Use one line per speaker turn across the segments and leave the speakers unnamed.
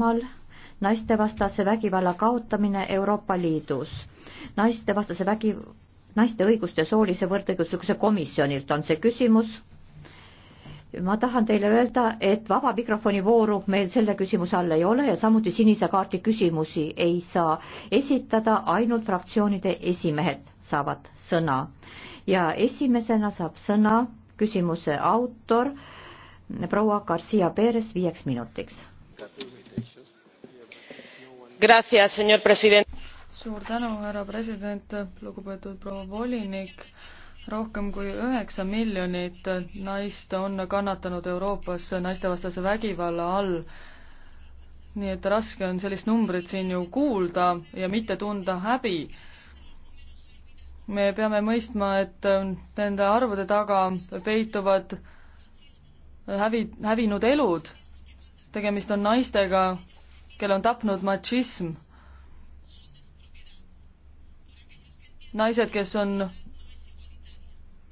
Venemaal naistevastase vägivalla kaotamine Euroopa Liidus. naistevastase vägi, naiste õiguste soolise võrdõiguslikkuse komisjonilt on see küsimus. ma tahan teile öelda, et vaba mikrofoni vooru meil selle küsimuse all ei ole ja samuti sinise kaardi küsimusi ei saa esitada, ainult fraktsioonide esimehed saavad sõna. ja esimesena saab sõna küsimuse autor proua Garcia Perez viieks minutiks
suur tänu, härra president, lugupeetud proua volinik. rohkem kui üheksa miljonit naist on kannatanud Euroopas naistevastase vägivalla all nii et raske on sellist numbrit siin ju kuulda ja mitte tunda häbi. me peame mõistma, et nende arvude taga peituvad hävi, hävinud elud. tegemist on naistega, kelle on tapnud matšism. naised, kes on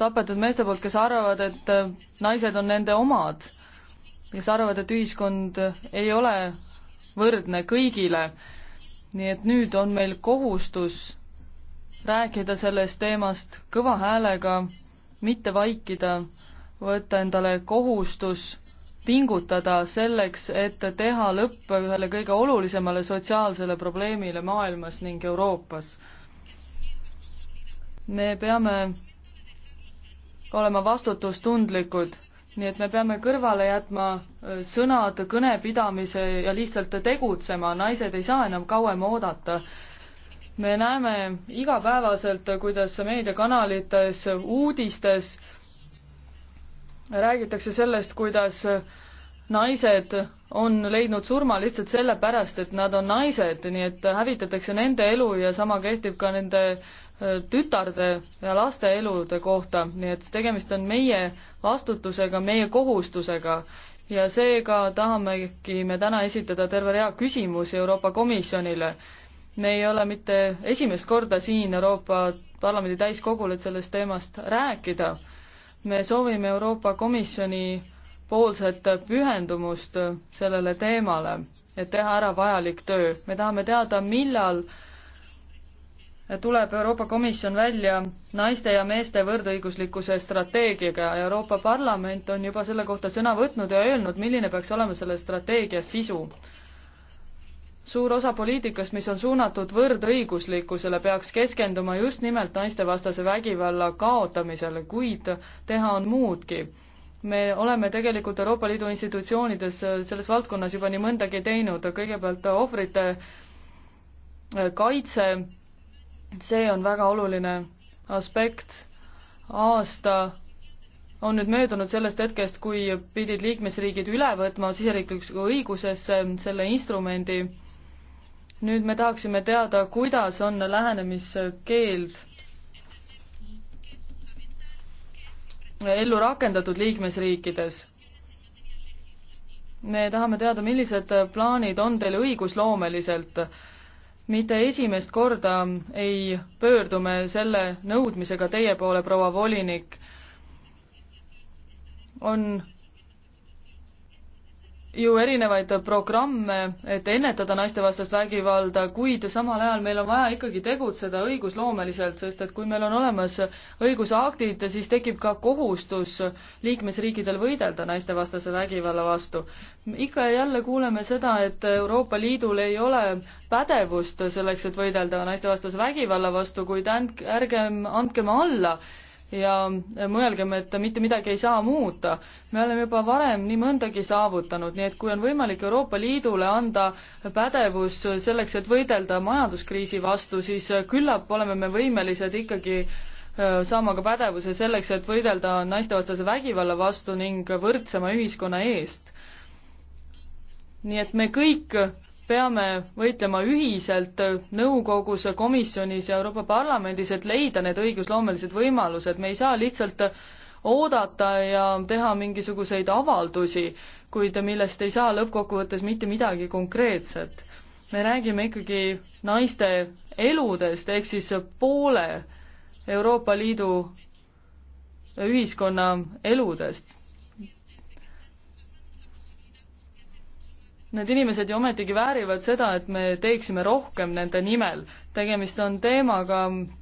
tapetud meeste poolt, kes arvavad, et äh, naised on nende omad, kes arvavad, et ühiskond ei ole võrdne kõigile. nii et nüüd on meil kohustus rääkida sellest teemast kõva häälega, mitte vaikida, võtta endale kohustus pingutada selleks, et teha lõpp ühele kõige olulisemale sotsiaalsele probleemile maailmas ning Euroopas. me peame olema vastutustundlikud, nii et me peame kõrvale jätma äh, sõnad, kõnepidamise ja lihtsalt tegutsema, naised ei saa enam kauem oodata me näeme igapäevaselt, kuidas meediakanalites, uudistes räägitakse sellest, kuidas naised on leidnud surma lihtsalt sellepärast, et nad on naised, nii et hävitatakse nende elu ja sama kehtib ka nende äh, tütarde ja laste elude kohta, nii et tegemist on meie vastutusega, meie kohustusega. ja seega tahamegi me täna esitada terve rea küsimusi Euroopa Komisjonile. me ei ole mitte esimest korda siin Euroopa Parlamendi täiskogul, et sellest teemast rääkida me soovime Euroopa Komisjoni poolset pühendumust sellele teemale, et teha ära vajalik töö. me tahame teada, millal tuleb Euroopa Komisjon välja naiste ja meeste võrdõiguslikkuse strateegiaga. Euroopa Parlament on juba selle kohta sõna võtnud ja öelnud, milline peaks olema selle strateegia sisu suur osa poliitikast, mis on suunatud võrdõiguslikkusele, peaks keskenduma just nimelt naistevastase vägivalla kaotamisele, kuid teha on muudki. me oleme tegelikult Euroopa Liidu institutsioonides selles valdkonnas juba nii mõndagi teinud, kõigepealt ohvrite kaitse, see on väga oluline aspekt, aasta on nüüd möödunud sellest hetkest, kui pidid liikmesriigid üle võtma siseriiklikuks õigusesse selle instrumendi, nüüd me tahaksime teada, kuidas on lähenemiskeeld ellu rakendatud liikmesriikides. me tahame teada, millised plaanid on teil õigusloomeliselt. mitte esimest korda ei pöördu me selle nõudmisega teie poole, proua volinik. on ju erinevaid programme, et ennetada naistevastast vägivalda, kuid samal ajal meil on vaja ikkagi tegutseda õigusloomeliselt, sest et kui meil on olemas õigusaktid, siis tekib ka kohustus liikmesriikidel võidelda naistevastase vägivalla vastu. ikka ja jälle kuuleme seda, et Euroopa Liidul ei ole pädevust selleks, et võidelda naistevastase vägivalla vastu, kuid ärgem andkem alla ja mõelgem, et mitte midagi ei saa muuta. me oleme juba varem nii mõndagi saavutanud, nii et kui on võimalik Euroopa Liidule anda pädevus selleks, et võidelda majanduskriisi vastu, siis küllap oleme me võimelised ikkagi äh, saama ka pädevuse selleks, et võidelda naistevastase vägivalla vastu ning võrdsema ühiskonna eest. nii et me kõik peame võitlema ühiselt nõukogus, komisjonis ja Euroopa Parlamendis, et leida need õigusloomelised võimalused, me ei saa lihtsalt oodata ja teha mingisuguseid avaldusi, kuid millest ei saa lõppkokkuvõttes mitte midagi konkreetset. me räägime ikkagi naiste eludest, ehk siis poole Euroopa Liidu ühiskonna eludest Need inimesed ju ometigi väärivad seda, et me teeksime rohkem nende nimel. tegemist on teemaga,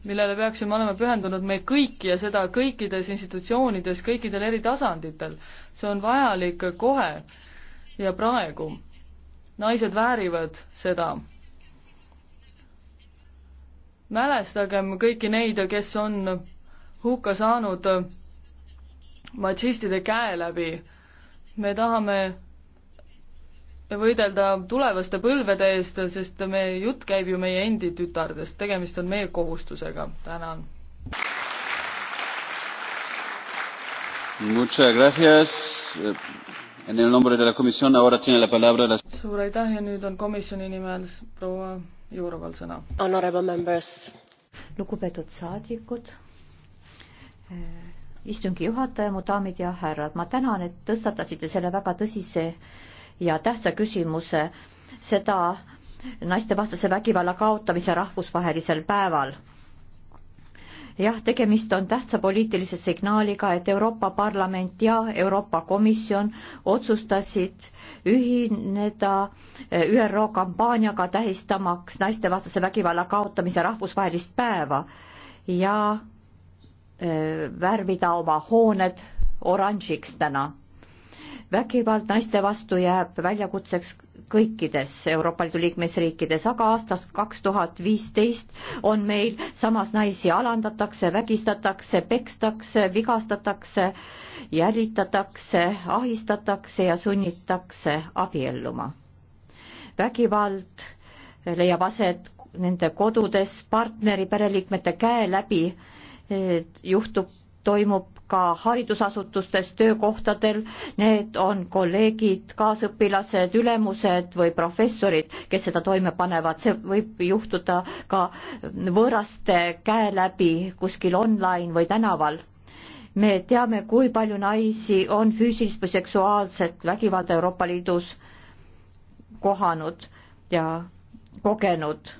millele peaksime olema pühendunud me kõik ja seda kõikides institutsioonides, kõikidel eri tasanditel. see on vajalik kohe ja praegu. naised väärivad seda. mälestagem kõiki neid, kes on hukka saanud matšistide käe läbi. me tahame võidelda tulevaste põlvede eest, sest meie jutt käib ju meie endi tütardest, tegemist on meie kohustusega, tänan. suur aitäh ja nüüd on komisjoni nimel proua Juuroval sõna. lugupeetud
saadikud eh, istungi juhataja, mu daamid ja härrad, ma tänan, et tõstatasite selle väga tõsise ja tähtsa küsimuse, seda naistevastase vägivalla kaotamise rahvusvahelisel päeval. jah, tegemist on tähtsa poliitilise signaaliga, et Euroopa Parlament ja Euroopa Komisjon otsustasid ühineda eh, ÜRO kampaaniaga tähistamaks naistevastase vägivalla kaotamise rahvusvahelist päeva ja eh, värvida oma hooned oranžiks täna vägivald naiste vastu jääb väljakutseks kõikides Euroopa Liidu liikmesriikides, aga aastast kaks tuhat viisteist on meil samas naisi alandatakse, vägistatakse, pekstakse, vigastatakse, jälitatakse, ahistatakse ja sunnitakse abielluma. vägivald leiab aset nende kodudes partneri pereliikmete käe läbi, juhtub, toimub ka haridusasutustes, töökohtadel, need on kolleegid, kaasõpilased, ülemused või professorid, kes seda toime panevad, see võib juhtuda ka võõraste käe läbi kuskil online või tänaval. me teame, kui palju naisi on füüsilist või seksuaalset vägivalda Euroopa Liidus kohanud ja kogenud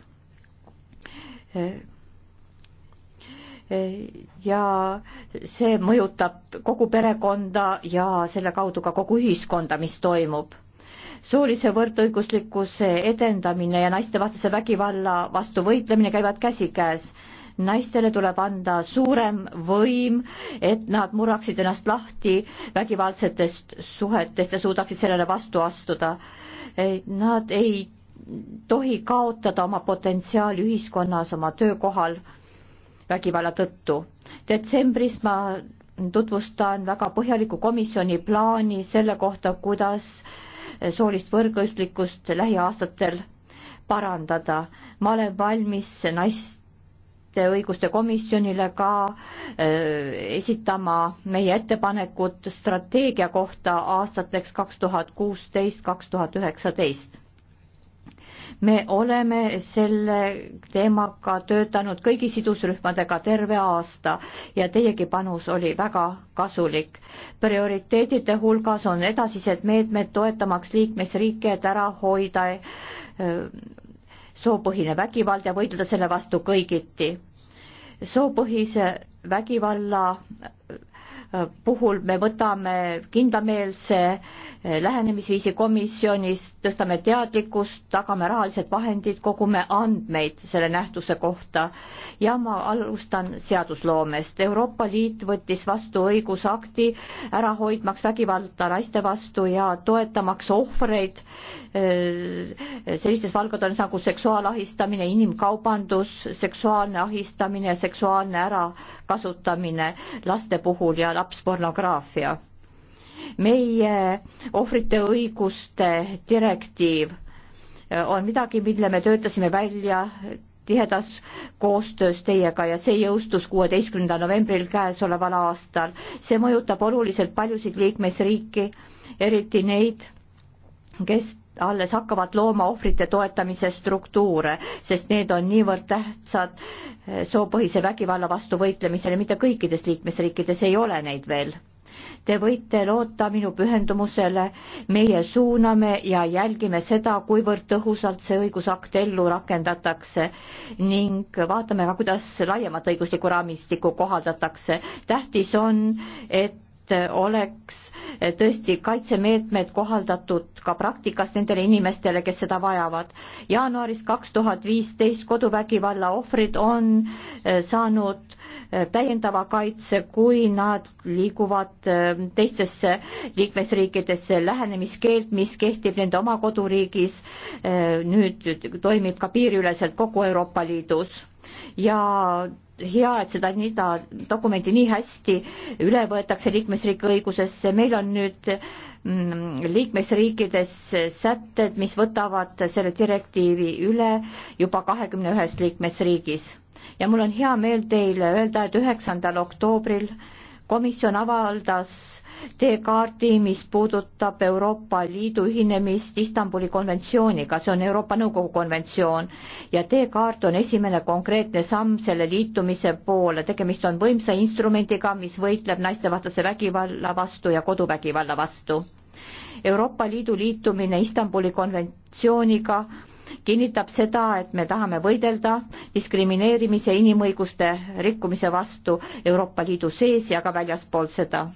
ja see mõjutab kogu perekonda ja selle kaudu ka kogu ühiskonda, mis toimub. soolise võrdõiguslikkuse edendamine ja naistevastase vägivalla vastu võitlemine käivad käsikäes. naistele tuleb anda suurem võim, et nad murraksid ennast lahti vägivaldsetest suhetest ja suudaksid sellele vastu astuda. Nad ei tohi kaotada oma potentsiaali ühiskonnas, oma töökohal vägivalla tõttu. detsembris ma tutvustan väga põhjaliku komisjoni plaani selle kohta, kuidas soolist võrgõiguslikkust lähiaastatel parandada. ma olen valmis naiste õiguste komisjonile ka äh, esitama meie ettepanekud strateegia kohta aastateks kaks tuhat kuusteist, kaks tuhat üheksateist me oleme selle teemaga töötanud kõigi sidusrühmadega terve aasta ja teiegi panus oli väga kasulik. prioriteedide hulgas on edasised meetmed toetamaks liikmesriike, et ära hoida äh, soopõhine vägivald ja võidelda selle vastu kõigiti. soopõhise vägivalla äh, puhul me võtame kindlameelse Eh, lähenemisviisi komisjonis, tõstame teadlikkust, tagame rahalised vahendid, kogume andmeid selle nähtuse kohta ja ma alustan seadusloomest. Euroopa Liit võttis vastu õigusakti ära hoidmaks vägivalda naiste vastu ja toetamaks ohvreid eh, sellistes valdkondades nagu seksuaalahistamine, inimkaubandus, seksuaalne ahistamine, seksuaalne ärakasutamine laste puhul ja lapspornograafia meie ohvrite õiguste direktiiv on midagi, mille me töötasime välja tihedas koostöös teiega ja see jõustus kuueteistkümnendal novembril käesoleval aastal. see mõjutab oluliselt paljusid liikmesriiki, eriti neid, kes alles hakkavad looma ohvrite toetamise struktuure, sest need on niivõrd tähtsad soopõhise vägivalla vastu võitlemisele, mitte kõikides liikmesriikides ei ole neid veel Te võite loota minu pühendumusele, meie suuname ja jälgime seda, kuivõrd tõhusalt see õigusakt ellu rakendatakse ning vaatame ka, kuidas laiemat õiguslikku raamistikku kohaldatakse. tähtis on, et oleks tõesti kaitsemeetmed kohaldatud ka praktikas nendele inimestele, kes seda vajavad. jaanuaris kaks tuhat viisteist koduvägivalla ohvrid on eh, saanud täiendava kaitse, kui nad liiguvad ähm, teistesse liikmesriikidesse. lähenemiskeeld, mis kehtib nende oma koduriigis, äh, nüüd toimib ka piiriüleselt kogu Euroopa Liidus ja hea, et seda NIDA dokumenti nii hästi üle võetakse liikmesriigi õigusesse, meil on nüüd mm, liikmesriikides sätted, mis võtavad selle direktiivi üle juba kahekümne ühes liikmesriigis ja mul on hea meel teile öelda, et üheksandal oktoobril komisjon avaldas teekaardi, mis puudutab Euroopa Liidu ühinemist Istanbuli konventsiooniga, see on Euroopa Nõukogu konventsioon ja teekaart on esimene konkreetne samm selle liitumise poole, tegemist on võimsa instrumendiga, mis võitleb naistevastase vägivalla vastu ja koduvägivalla vastu. Euroopa Liidu liitumine Istanbuli konventsiooniga kinnitab seda, et me tahame võidelda diskrimineerimise, inimõiguste rikkumise vastu Euroopa Liidu sees ja ka väljaspool seda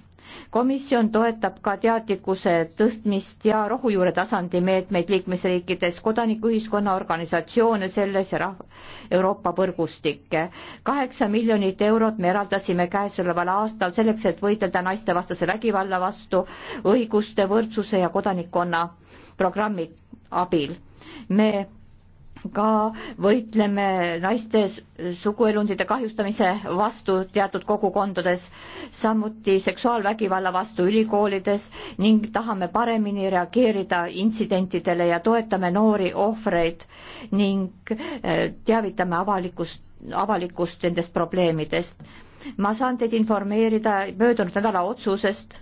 komisjon toetab ka teadlikkuse tõstmist ja rohujuure tasandi meetmeid liikmesriikides, kodanikuühiskonna organisatsioone selles ja rah-, Euroopa võrgustikke. kaheksa miljonit eurot me eraldasime käesoleval aastal selleks, et võidelda naistevastase vägivalla vastu õiguste, võrdsuse ja kodanikkonna programmi abil me ka võitleme naiste suguelundite kahjustamise vastu teatud kogukondades, samuti seksuaalvägivalla vastu ülikoolides ning tahame paremini reageerida intsidentidele ja toetame noori ohvreid ning äh, teavitame avalikust, avalikkust nendest probleemidest. ma saan teid informeerida möödunud nädala otsusest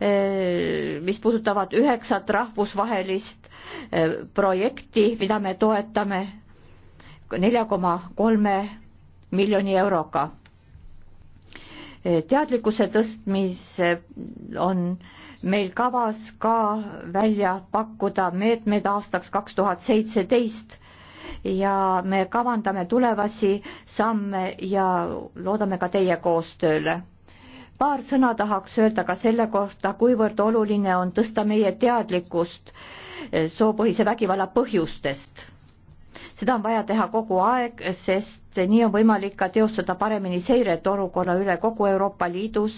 Eh, mis puudutavad üheksat rahvusvahelist eh, projekti, mida me toetame nelja koma kolme miljoni euroga. Eh, teadlikkuse tõstmise on meil kavas ka välja pakkuda meetmed aastaks kaks tuhat seitseteist ja me kavandame tulevasi samme ja loodame ka teie koostööle paar sõna tahaks öelda ka selle kohta, kuivõrd oluline on tõsta meie teadlikkust eh, soopõhise vägivalla põhjustest. seda on vaja teha kogu aeg, sest nii on võimalik ka teostada paremini seiret olukorra üle kogu Euroopa Liidus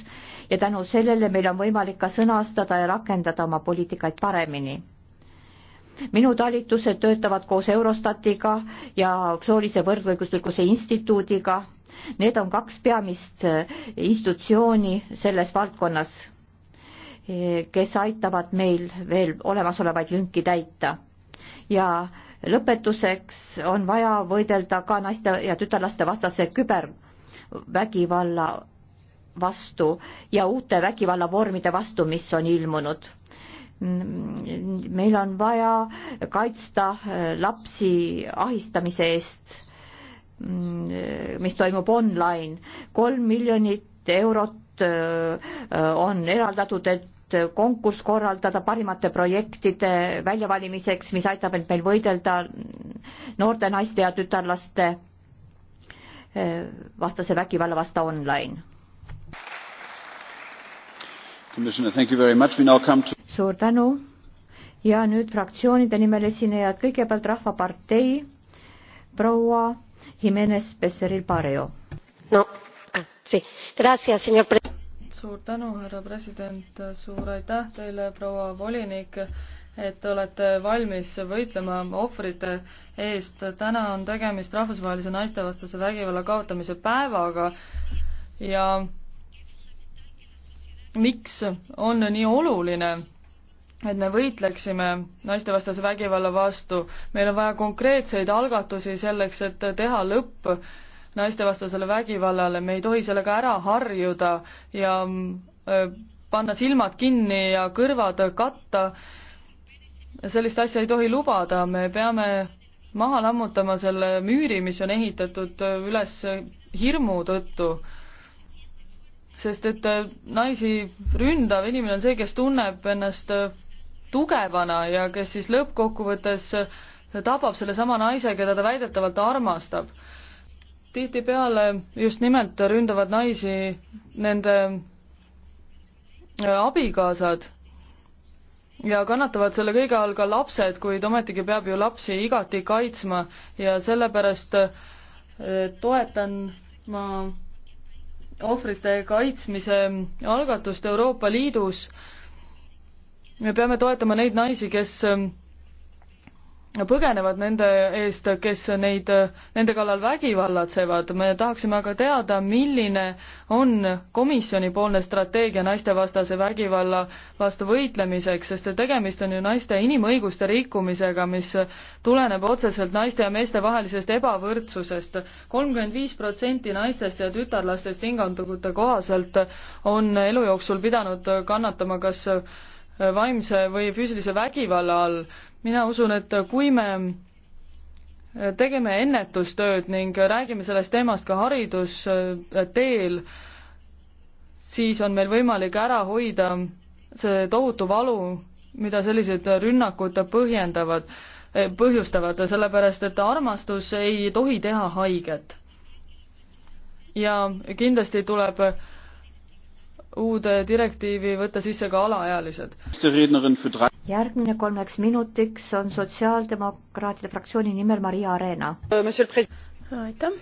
ja tänu sellele meil on võimalik ka sõnastada ja rakendada oma poliitikaid paremini minu talitused töötavad koos Eurostatiga ja soolise võrdõiguslikkuse instituudiga Need on kaks peamist äh, institutsiooni selles valdkonnas, äh, kes aitavad meil veel olemasolevaid lünki täita. ja lõpetuseks on vaja võidelda ka naiste ja tütarlaste vastase kübervägivalla vastu ja uute vägivallavormide vastu, mis on ilmunud meil on vaja kaitsta äh, lapsi ahistamise eest Mm, mis toimub online. kolm miljonit eurot äh, on eraldatud, et konkurss korraldada parimate projektide väljavalimiseks, mis aitab end meil võidelda noorte naiste ja tütarlaste äh, vastase vägivalla vastu online. suur tänu ja nüüd fraktsioonide nimel esinejad, kõigepealt Rahvapartei proua Jimenez Becerril Barrio.
no ah, sí, gracias, señor suur tänu, härra president, suur aitäh teile, proua volinik, et olete valmis võitlema ohvrite eest. täna on tegemist rahvusvahelise naistevastase vägivalla kaotamise päevaga ja miks on nii oluline et me võitleksime naistevastase vägivalla vastu. meil on vaja konkreetseid algatusi selleks, et teha lõpp naistevastasele vägivallale, me ei tohi sellega ära harjuda ja äh, panna silmad kinni ja kõrvad katta. sellist asja ei tohi lubada, me peame maha lammutama selle müüri, mis on ehitatud äh, üles hirmu tõttu sest et äh, naisi ründav inimene on see, kes tunneb ennast tugevana ja kes siis lõppkokkuvõttes tapab sellesama naise, keda ta väidetavalt armastab. tihtipeale just nimelt ründavad naisi nende äh, abikaasad ja kannatavad selle kõige all ka lapsed, kuid ometigi peab ju lapsi igati kaitsma ja sellepärast äh, toetan ma ohvrite kaitsmise algatust Euroopa Liidus me peame toetama neid naisi, kes ähm, põgenevad nende eest, kes neid, äh, nende kallal vägivallatsevad, me tahaksime aga teada, milline on komisjonipoolne strateegia naistevastase vägivalla vastu võitlemiseks, sest et tegemist on ju naiste inimõiguste rikkumisega, mis tuleneb otseselt naiste ja meeste vahelisest ebavõrdsusest. kolmkümmend viis protsenti naistest ja tütarlastest hingandugute kohaselt on elu jooksul pidanud kannatama kas vaimse või füüsilise vägivalla all. mina usun, et kui me tegeme ennetustööd ning räägime sellest teemast ka haridusteel, siis on meil võimalik ära hoida see tohutu valu, mida sellised rünnakud põhjendavad, põhjustavad, sellepärast et armastus ei tohi teha haiget. ja kindlasti tuleb äh, uude direktiivi võtta sisse ka alaealised. järgmine
kolmeks minutiks on Sotsiaaldemokraatide
fraktsiooni nimel Maria Arena. Äh, aitäh,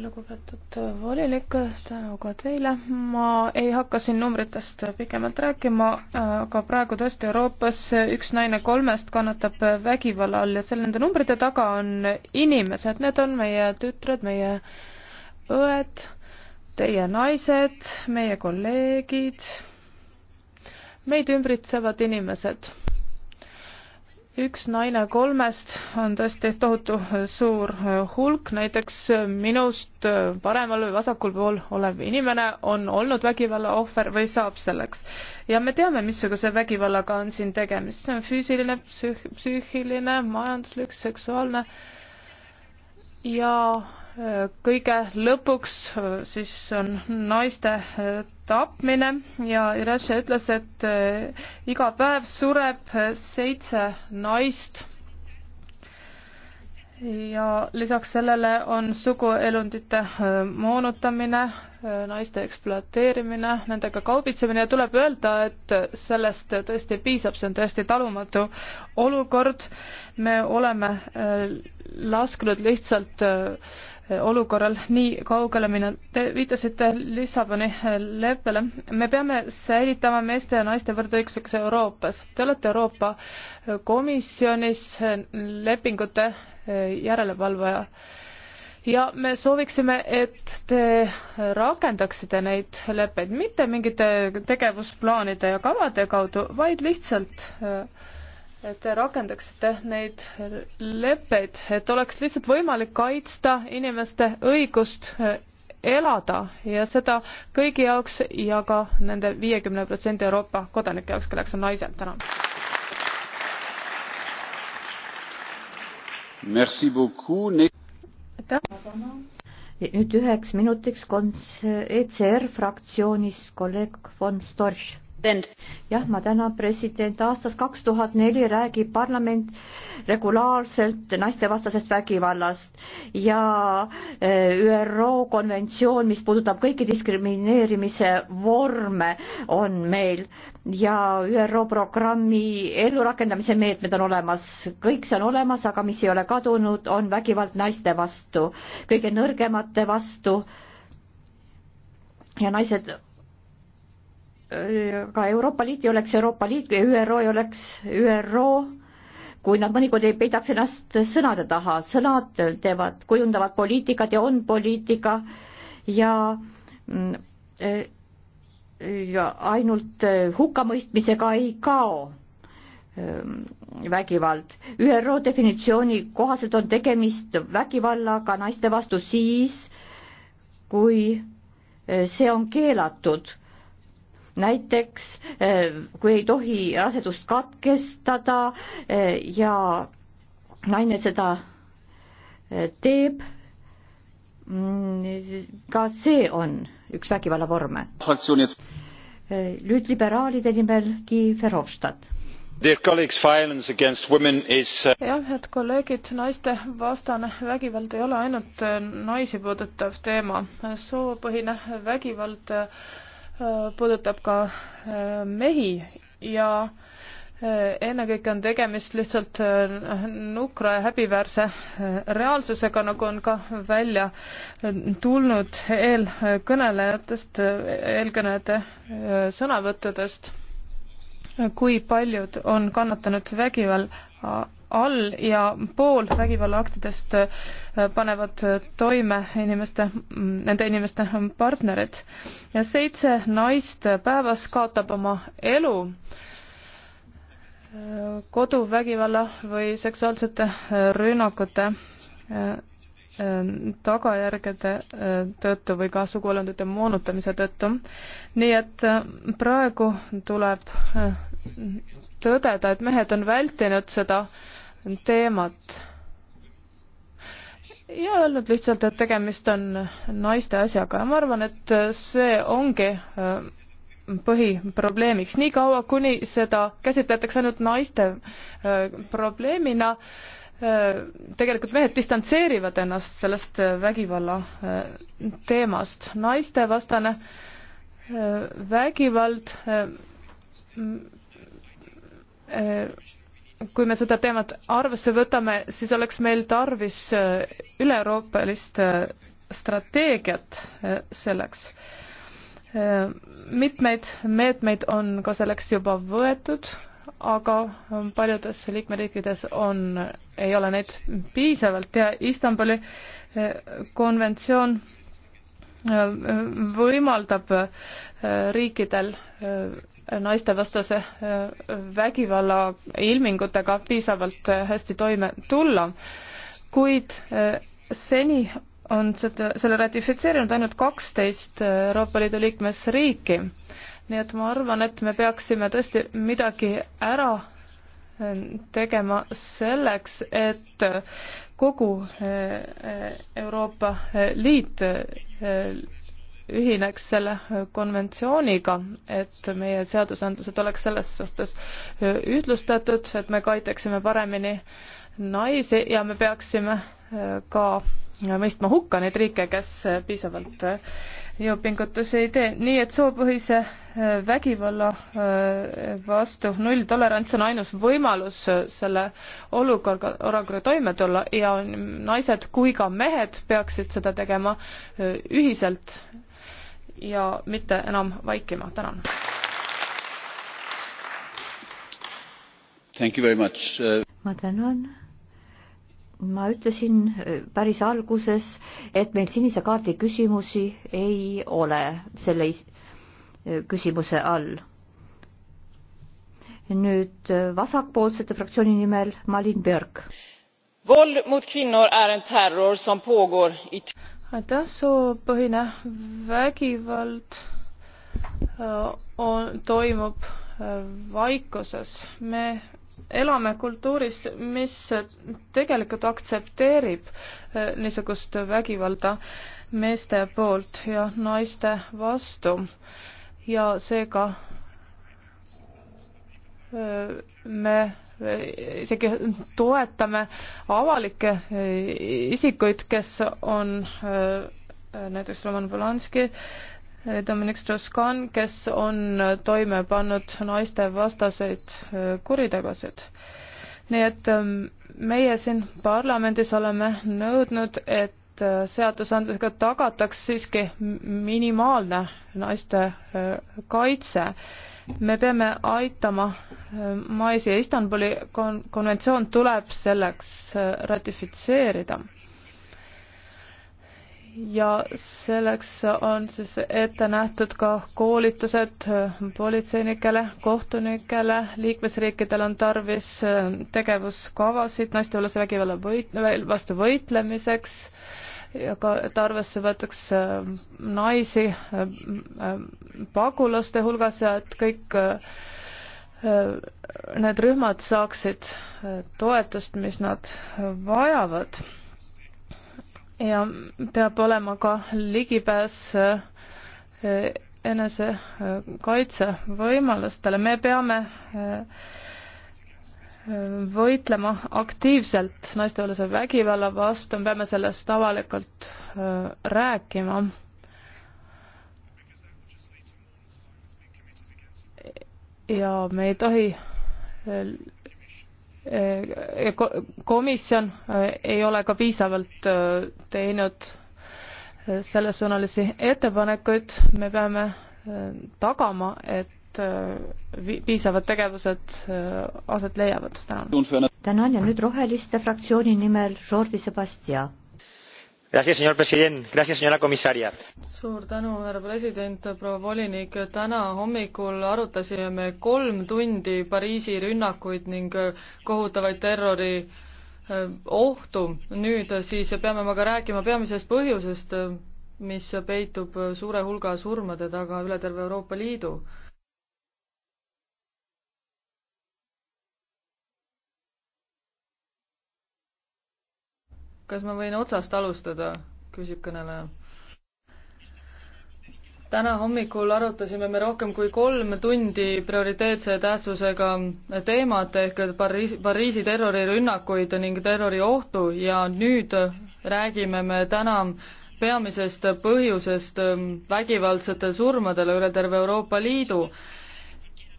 lugupeetud volinik, tänu ka teile. ma ei hakka siin numbritest pikemalt rääkima, aga praegu tõesti Euroopas üks naine kolmest kannatab vägivalla all ja selle, nende numbrite taga on inimesed, need on meie tütred, meie õed teie naised, meie kolleegid, meid ümbritsevad inimesed. üks naine kolmest on tõesti tohutu suur hulk, näiteks minust paremal või vasakul pool olev inimene on olnud vägivalla ohver või saab selleks. ja me teame, missuguse vägivallaga on siin tegemist, see on füüsiline, psüüh-, psüühiline, majanduslik, seksuaalne ja kõige lõpuks äh, siis on naiste äh, tapmine ja Ireše ütles, et äh, iga päev sureb seitse naist. ja lisaks sellele on suguelundite moonutamine, naiste ekspluateerimine, nendega kaubitsemine ja tuleb öelda, et sellest tõesti piisab, see on täiesti talumatu olukord. me oleme lasknud lihtsalt äh, olukorral nii kaugele minna. Te viitasite Lissaboni leppele. me peame säilitama meeste ja naiste võrdõiguslikkus Euroopas. Te olete Euroopa Komisjonis lepingute järelevalvaja ja me sooviksime, et te rakendaksite neid leppeid mitte mingite tegevusplaanide ja kavade kaudu, vaid lihtsalt äh, et te rakendaksite neid leppeid, et oleks lihtsalt võimalik kaitsta inimeste õigust eh, elada ja seda kõigi jaoks ja ka nende viiekümne protsendi Euroopa kodanike jaoks, kelleks on naised. tänan. aitäh.
nüüd üheks minutiks ECR fraktsioonist kolleeg von Storch jah, ma tänan president, aastast kaks tuhat neli räägib parlament regulaarselt naistevastasest vägivallast ja eh, ÜRO konventsioon, mis puudutab kõiki diskrimineerimise vorme, on meil ja ÜRO programmi ellurakendamise meetmed on olemas, kõik see on olemas, aga mis ei ole kadunud, on vägivald naiste vastu, kõige nõrgemate vastu ja naised ka Euroopa Liit ei oleks Euroopa Liit ja ÜRO ei oleks ÜRO, kui nad mõnikord ei peidaks ennast sõnade taha, sõnad teevad, kujundavad poliitikat ja on poliitika ja mm, ja ainult hukkamõistmisega ei kao mm, vägivald. ÜRO definitsiooni kohaselt on tegemist vägivallaga naiste vastu siis, kui see on keelatud näiteks eh, kui ei tohi rasedust katkestada eh, ja naine seda eh, teeb, mm, ka see on üks vägivalla vorme. nüüd liberaalide nimel
Guy Verhofstadt jah head kolleegid naistevastane vägivald ei ole ainult naisi puudutav teema soopõhine vägivald Äh, puudutab ka äh, mehi ja äh, ennekõike on tegemist lihtsalt nukra ja häbiväärse reaalsusega, nagu on ka välja tulnud eelkõnelejatest, eelkõnelejate sõnavõttudest kui paljud on kannatanud vägivalla all ja pool vägivallaaktidest äh, panevad toime inimeste, nende inimeste partnerid. ja seitse naist päevas kaotab oma elu äh, koduvägivalla või seksuaalsete äh, rünnakute tagajärgede tõttu või ka suguelundite moonutamise tõttu. nii et praegu tuleb tõdeda, et mehed on vältinud seda teemat ja öelnud lihtsalt, et tegemist on naiste asjaga ja ma arvan, et see ongi äh, põhiprobleemiks, niikaua kuni seda käsitletakse ainult naiste äh, probleemina, äh, tegelikult mehed distantseerivad ennast sellest vägivalla teemast. naistevastane vägivald Äh, kui me seda teemat arvesse võtame, siis oleks meil tarvis äh, üle-euroopalist äh, strateegiat selleks. mitmeid meetmeid on ka selleks juba võetud, aga paljudes liikmeriikides on, ei ole neid piisavalt ja Istanbuli konventsioon võimaldab riikidel naistevastase äh, vägivalla ilmingutega piisavalt äh, hästi toime tulla, kuid äh, seni on seda, selle ratifitseerinud ainult kaksteist Euroopa Liidu liikmesriiki. nii et ma arvan, et me peaksime tõesti midagi ära tegema selleks, et kogu Euroopa Liit ühineks selle konventsiooniga, et meie seadusandlused oleks selles suhtes ühtlustatud, et me kaitseksime paremini naisi ja me peaksime ka mõistma hukka neid riike, kes piisavalt jõupingutusi ei tee, nii et soopõhise äh, vägivalla äh, vastu nulltolerants on ainus võimalus äh, selle olukorraga, olukorraga toime tulla ja naised kui ka mehed peaksid seda tegema ühiselt ja mitte enam vaikima, tänan. ma tänan
ma ütlesin äh, päris alguses, et meil sinise kaardi küsimusi ei ole selle äh, küsimuse all. nüüd äh, vasakpoolsete fraktsiooni nimel Malin Björk.
aitäh, soopõhine vägivald on, toimub vaikuses. me elame kultuuris, mis tegelikult aktsepteerib eh, niisugust vägivalda meeste poolt ja naiste vastu ja seega eh, me eh, isegi toetame avalikke isikuid, kes on näiteks Roman Polanski äh, Dominic Strauss-Kahn, kes on toime pannud naistevastaseid äh, kuritegusid. nii et ähm, meie siin parlamendis oleme nõudnud, et äh, seadusandlusega tagataks siiski minimaalne naiste äh, kaitse. me peame aitama naisi ja Istanbuli kon-, konventsioon tuleb selleks ratifitseerida ja selleks on siis ette nähtud ka koolitused politseinikele, kohtunikele, liikmesriikidel on tarvis äh, tegevuskavasid naiste üles vägivalla võit-, vastu võitlemiseks ja ka, et arvesse võetakse äh, naisi äh, pagulaste hulgas ja et kõik need rühmad saaksid toetust, mis nad vajavad ja peab olema ka ligipääs äh, enesekaitsevõimalustele. Äh, me peame äh, võitlema aktiivselt naistevälise vägivalla vastu, me peame sellest avalikult rääkima. ja me ei tohi Äh, komisjon äh, ei ole ka piisavalt äh, teinud sellesuunalisi ettepanekuid, me peame tagama, et piisavad tegevused aset leiavad.
tänan. tänan
ja nüüd Roheliste fraktsiooni nimel Jordi Sebastian
señor presidente señora comisaria suur tänu härra president proua volinik täna hommikul arutasime me kolm tundi pariisi rünnakuid ning kohutavaid terrori eh, ohtu nüüd siis peame me ka rääkima peamisest põhjusest mis peitub suure hulga surmade taga üle terve euroopa liidu kas ma võin otsast alustada, küsib kõneleja. täna hommikul arutasime me rohkem kui kolm tundi prioriteetse tähtsusega teemat ehk Pariisi, Pariisi terrorirünnakuid ning terroriohtu ja nüüd räägime me täna peamisest põhjusest vägivaldsete surmadele üle terve Euroopa Liidu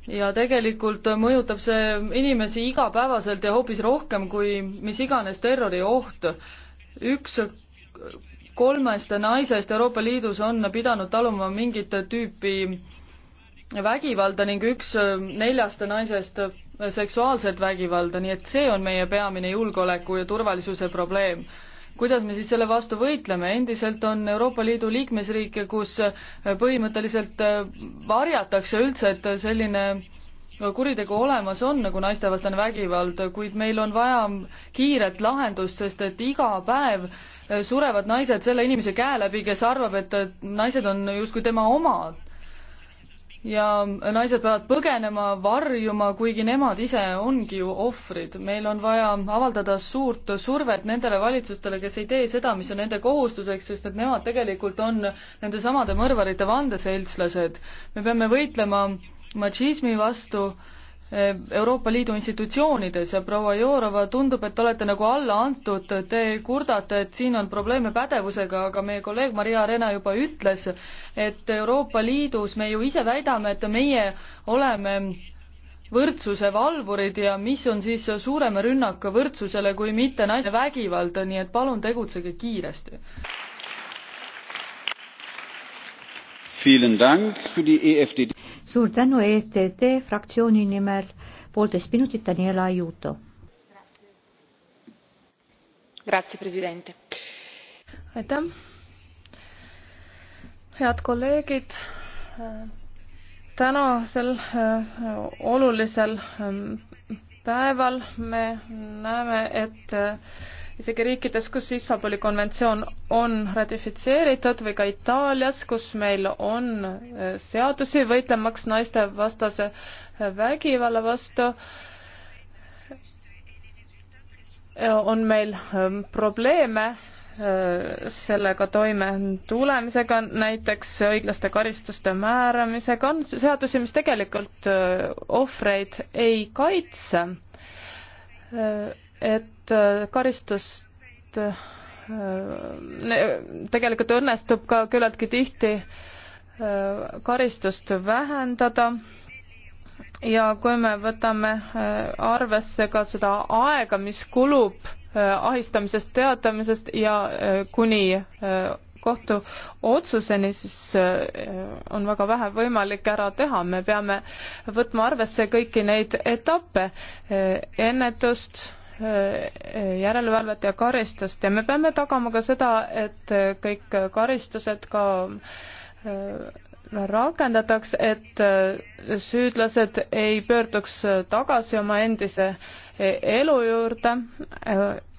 ja tegelikult mõjutab see inimesi igapäevaselt ja hoopis rohkem kui mis iganes terrorioht. üks kolmest naisest Euroopa Liidus on pidanud taluma mingit tüüpi vägivalda ning üks neljast naisest seksuaalset vägivalda, nii et see on meie peamine julgeoleku ja turvalisuse probleem kuidas me siis selle vastu võitleme, endiselt on Euroopa Liidu liikmesriike, kus äh, põhimõtteliselt äh, varjatakse üldse, et selline äh, kuritegu olemas on, nagu naistevastane vägivald, kuid meil on vaja kiiret lahendust, sest et iga päev surevad naised selle inimese käe läbi, kes arvab, et naised on justkui tema omad ja naised peavad põgenema, varjuma, kuigi nemad ise ongi ju ohvrid. meil on vaja avaldada suurt survet nendele valitsustele, kes ei tee seda, mis on nende kohustuseks, sest et nemad tegelikult on nendesamade mõrvarite vandeseltslased. me peame võitlema matšismi vastu äh, Euroopa Liidu institutsioonides ja proua Jourova, tundub, et olete nagu alla antud, te kurdate, et siin on probleeme pädevusega, aga meie kolleeg Maria Arena juba ütles, et Euroopa Liidus me ju ise väidame, et meie oleme võrdsuse valvurid ja mis on siis suurem rünnak võrdsusele kui mitte naiste vägivald, nii et palun tegutsege kiiresti.
Vielen Dank für die EFDD
suur tänu ETT fraktsiooni nimel, poolteist minutit, Daniela Ajuto.
aitäh. head kolleegid tänasel äh, olulisel ähm, päeval me näeme, et äh, isegi riikides, kus Istanbuli konventsioon on ratifitseeritud või ka Itaalias, kus meil on äh, seadusi võitlemaks naistevastase äh, vägivalla vastu, äh, on meil ähm, probleeme sellega toime tulemisega, näiteks õiglaste karistuste määramisega, on seadusi, mis tegelikult ohvreid ei kaitse Äh, et äh, karistust äh, tegelikult õnnestub ka küllaltki tihti karistust vähendada ja kui me võtame arvesse ka seda aega, mis kulub ahistamisest teatamisest ja kuni kohtu otsuseni, siis äh, on väga vähe võimalik ära teha, me peame võtma arvesse kõiki neid etappe, äh, ennetust, äh, järelevalvet ja karistust ja me peame tagama ka seda, et kõik karistused ka rakendataks, et äh, süüdlased ei pöörduks äh, tagasi oma endise äh, elu juurde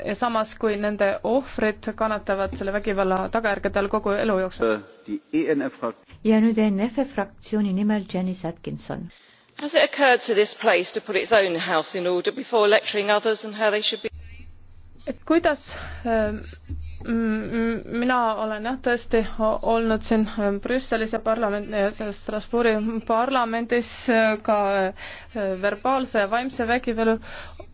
ja samas, kui nende ohvrid kannatavad selle vägivalla tagajärgedel kogu elu jooksul. E ja nüüd ENF fraktsiooni nimel Janice
Atkinson.
Has it occurred to this place to put its own house in order before lecturing others on how they should be? et kuidas ähm, mina olen jah tõesti olnud siin ähm, Brüsselis ja parlament, Strasbourgi parlamendis äh, ka äh, verbaalse ja vaimse vägivallu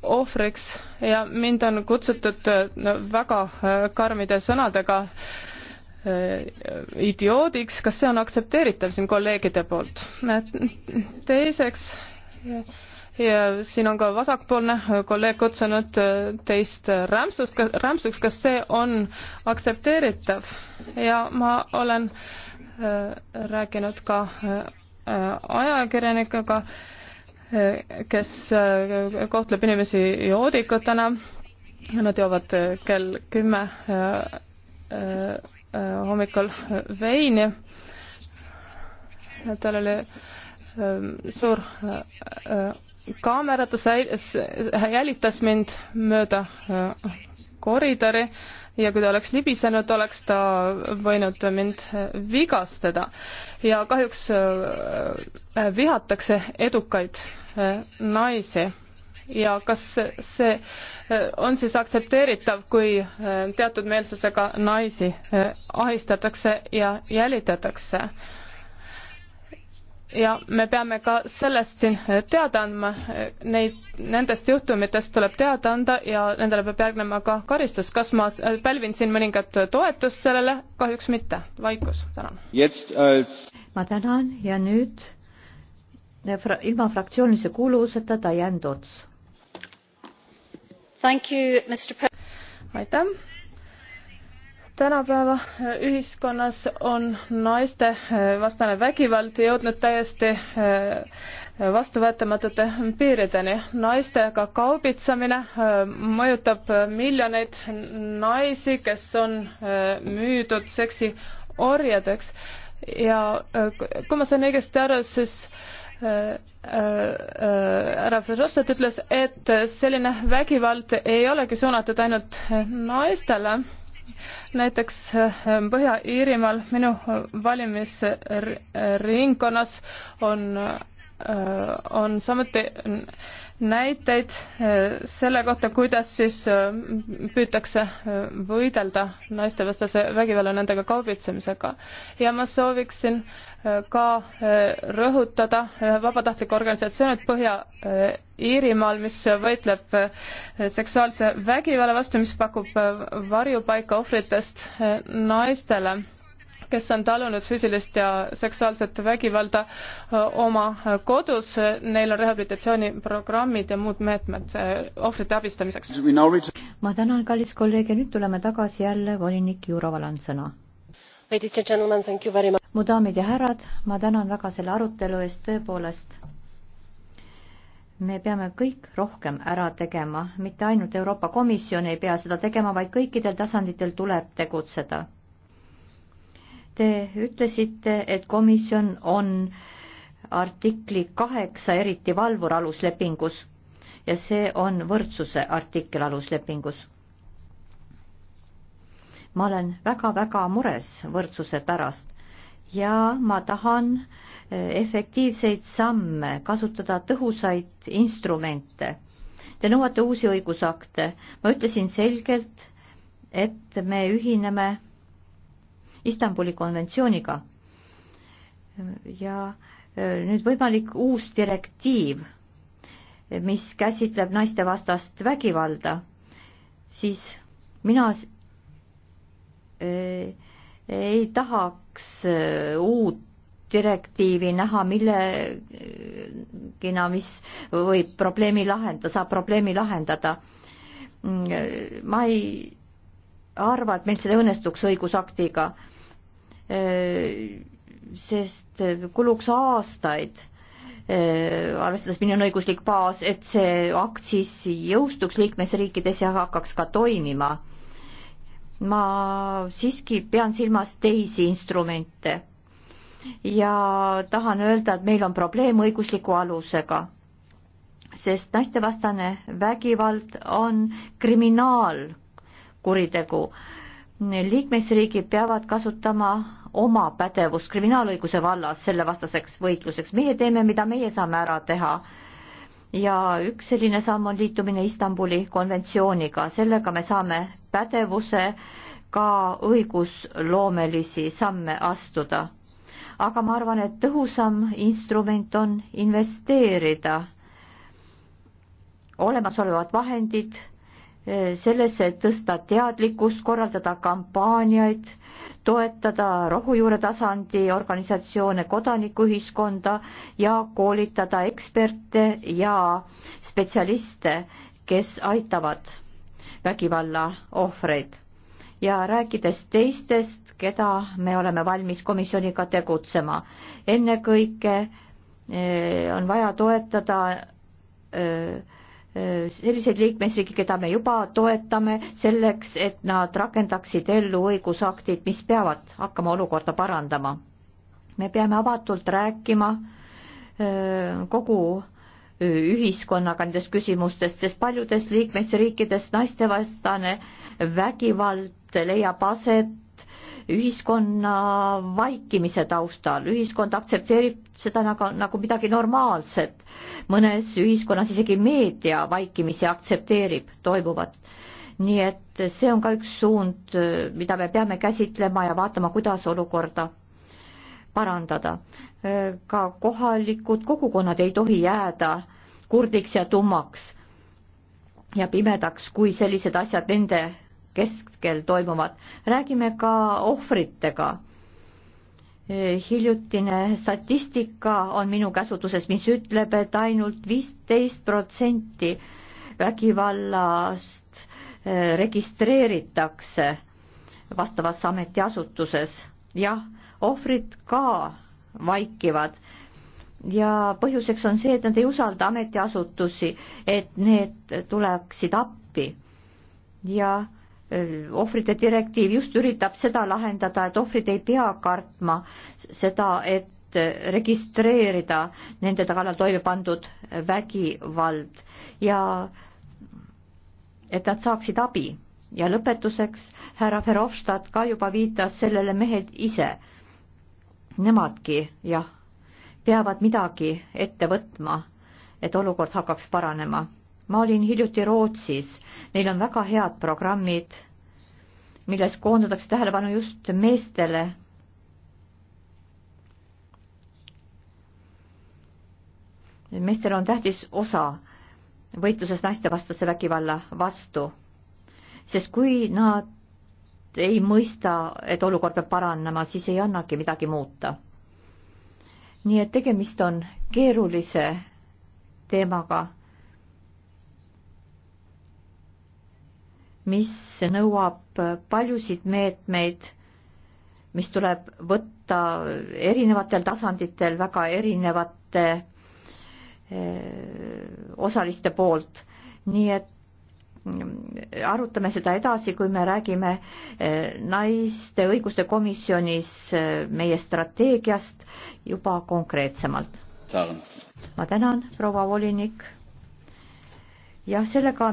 ohvriks ja mind on kutsutud äh, väga karmide sõnadega idioodiks, kas see on aktsepteeritav siin kolleegide poolt? teiseks ja siin on ka vasakpoolne kolleeg kutsunud äh, teist äh, rämpsust, rämpsuks, kas see on aktsepteeritav ja ma olen äh, rääkinud ka ajakirjanikega, kes kohtleb inimesi joodikutena, nad joovad kell kümme hommikul veini. tal oli suur kaamera, ta jälitas mind mööda äh, koridori ja kui ta oleks libisenud, oleks ta võinud mind äh, vigastada. ja kahjuks äh, vihatakse edukaid naisi ja kas see on siis aktsepteeritav, kui teatud meelsusega naisi ahistatakse ja jälitatakse? ja me peame ka sellest siin eh, teada andma, eh, neid, nendest juhtumitest tuleb teada anda ja nendele peab järgnema ka karistus. kas ma eh, pälvin siin mõningat toetust sellele? kahjuks mitte. vaikus, tänan.
ma tänan ja nüüd ilma fraktsioonilise kuuluvuseta Diane Tots.
aitäh tänapäeva äh, ühiskonnas on naiste äh, vastane vägivald jõudnud täiesti äh, vastuvõetamatute piirideni. naistega kaubitsamine mõjutab miljoneid naisi, kes on müüdud seksiorjadeks ja kui ma sain õigesti aru, siis härra Verhofstadt ütles, et selline vägivald ei olegi suunatud ainult naistele näiteks äh, Põhja-Iirimaal minu valimisringkonnas on, äh, on samuti näiteid eh, selle kohta, kuidas siis eh, püütakse eh, võidelda naistevastase vägivalla nendega kaubitsemisega. ja ma sooviksin ka rõhutada ühe vabatahtliku organisatsiooni Põhja-Iirimaal, mis võitleb seksuaalse vägivalla vastu, mis pakub varjupaika ohvritest naistele kes on talunud füüsilist ja seksuaalset vägivalda oma kodus, neil on rehabilitatsiooniprogrammid ja muud meetmed ohvrite abistamiseks.
ma tänan, kallis kolleeg ja nüüd tuleme tagasi jälle volinik Juroval on sõna. mu daamid ja härrad, ma tänan väga selle arutelu eest, tõepoolest me peame kõik rohkem ära tegema, mitte ainult Euroopa Komisjon ei pea seda tegema, vaid kõikidel tasanditel tuleb tegutseda Te ütlesite, et komisjon on artikli kaheksa eriti valvur aluslepingus ja see on võrdsuse artikkel aluslepingus. ma olen väga-väga mures võrdsuse pärast ja ma tahan eh, efektiivseid samme, kasutada tõhusaid instrumente. Te nõuate uusi õigusakte, ma ütlesin selgelt, et me ühineme Istanbuli konventsiooniga. ja e, nüüd võimalik uus direktiiv, mis käsitleb naistevastast vägivalda, siis mina e, ei tahaks e, uut direktiivi näha millegina, mis võib probleemi lahendada, saab probleemi lahendada. Mm, ma ei arva, et meil see õnnestuks õigusaktiga Äh, sest äh, kuluks aastaid, äh, arvestades, milline on õiguslik baas, et see akt siis jõustuks liikmesriikides ja hakkaks ka toimima. ma siiski pean silmas teisi instrumente ja tahan öelda, et meil on probleem õigusliku alusega, sest naistevastane vägivald on kriminaalkuritegu liikmesriigid peavad kasutama oma pädevust kriminaalõiguse vallas selle vastaseks võitluseks. meie teeme, mida meie saame ära teha. ja üks selline samm on liitumine Istanbuli konventsiooniga, sellega me saame pädevuse ka õigusloomelisi samme astuda. aga ma arvan, et tõhusam instrument on investeerida olemasolevad vahendid sellesse, et tõsta teadlikkust, korraldada kampaaniaid, toetada rohujuure tasandi organisatsioone, kodanikuühiskonda ja koolitada eksperte ja spetsialiste, kes aitavad vägivalla ohvreid. ja rääkides teistest, keda me oleme valmis komisjoniga tegutsema, ennekõike eh, on vaja toetada öö, eh, selliseid liikmesriike, keda me juba toetame, selleks et nad rakendaksid ellu õigusaktid, mis peavad hakkama olukorda parandama. me peame avatult rääkima kogu ühiskonnaga nendest küsimustest, sest paljudes liikmesriikides naistevastane vägivald leiab aset ühiskonna vaikimise taustal, ühiskond aktsepteerib seda nagu, nagu midagi normaalset. mõnes ühiskonnas isegi meedia vaikimisi aktsepteerib toimuvat. nii et see on ka üks suund, mida me peame käsitlema ja vaatama, kuidas olukorda parandada. ka kohalikud kogukonnad ei tohi jääda kurdiks ja tummaks ja pimedaks, kui sellised asjad nende keskel toimuvat. räägime ka ohvritega. Eh, hiljutine statistika on minu käsutuses, mis ütleb, et ainult viisteist protsenti vägivallast eh, registreeritakse vastavas ametiasutuses. jah, ohvrid ka vaikivad ja põhjuseks on see, et nad ei usalda ametiasutusi, et need tuleksid appi ja ohvrite direktiiv just üritab seda lahendada, et ohvrid ei pea kartma seda, et registreerida nende kallal toime pandud vägivald ja et nad saaksid abi. ja lõpetuseks härra Verhofstadt ka juba viitas sellele mehed ise. Nemadki, jah, peavad midagi ette võtma, et olukord hakkaks paranema ma olin hiljuti Rootsis, neil on väga head programmid, milles koondatakse tähelepanu just meestele. meestel on tähtis osa võitluses naistevastase vägivalla vastu, sest kui nad ei mõista, et olukord peab paranema, siis ei annagi midagi muuta. nii et tegemist on keerulise teemaga mis nõuab paljusid meetmeid, mis tuleb võtta erinevatel tasanditel väga erinevate eh, osaliste poolt. nii et mm, arutame seda edasi, kui me räägime eh, naiste õiguste komisjonis eh, meie strateegiast juba konkreetsemalt. ma tänan, proua volinik. jah, sellega on